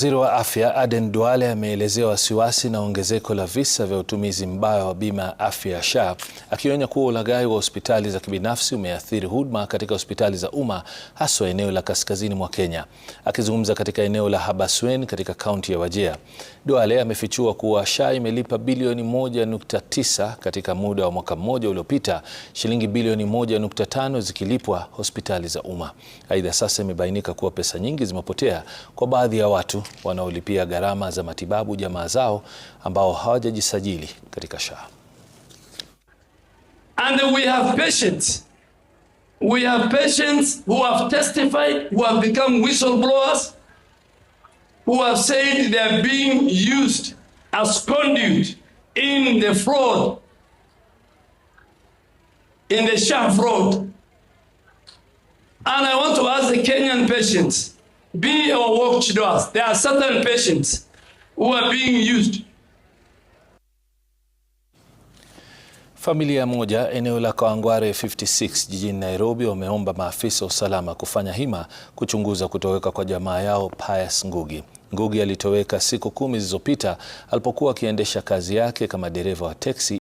Waziri wa Afya Aden Duale ameelezea wasiwasi na ongezeko la visa vya utumizi mbaya wa bima ya afya ya SHA, akionya kuwa ulaghai wa hospitali za kibinafsi umeathiri huduma katika hospitali za umma haswa eneo la kaskazini mwa Kenya. Akizungumza katika eneo la habaswen katika kaunti ya Wajir, Duale amefichua kuwa SHA imelipa bilioni 1.9 katika muda wa mwaka mmoja uliopita, shilingi bilioni 1.5 zikilipwa hospitali za umma. Aidha, sasa imebainika kuwa pesa nyingi zimepotea kwa baadhi ya watu wanaolipia gharama za matibabu jamaa zao ambao hawajajisajili katika SHA. And we have patients. We have patients who have testified, who have become whistleblowers, who have said they are being used as conduit in the fraud, in the SHA fraud. And I want to ask the Kenyan patients, be our watchdoors. There are certain patients who are being used. Familia moja eneo la Kawangware 56 jijini Nairobi wameomba maafisa wa usalama kufanya hima kuchunguza kutoweka kwa jamaa yao Pius Ngugi. Ngugi alitoweka siku kumi zilizopita alipokuwa akiendesha kazi yake kama dereva wa teksi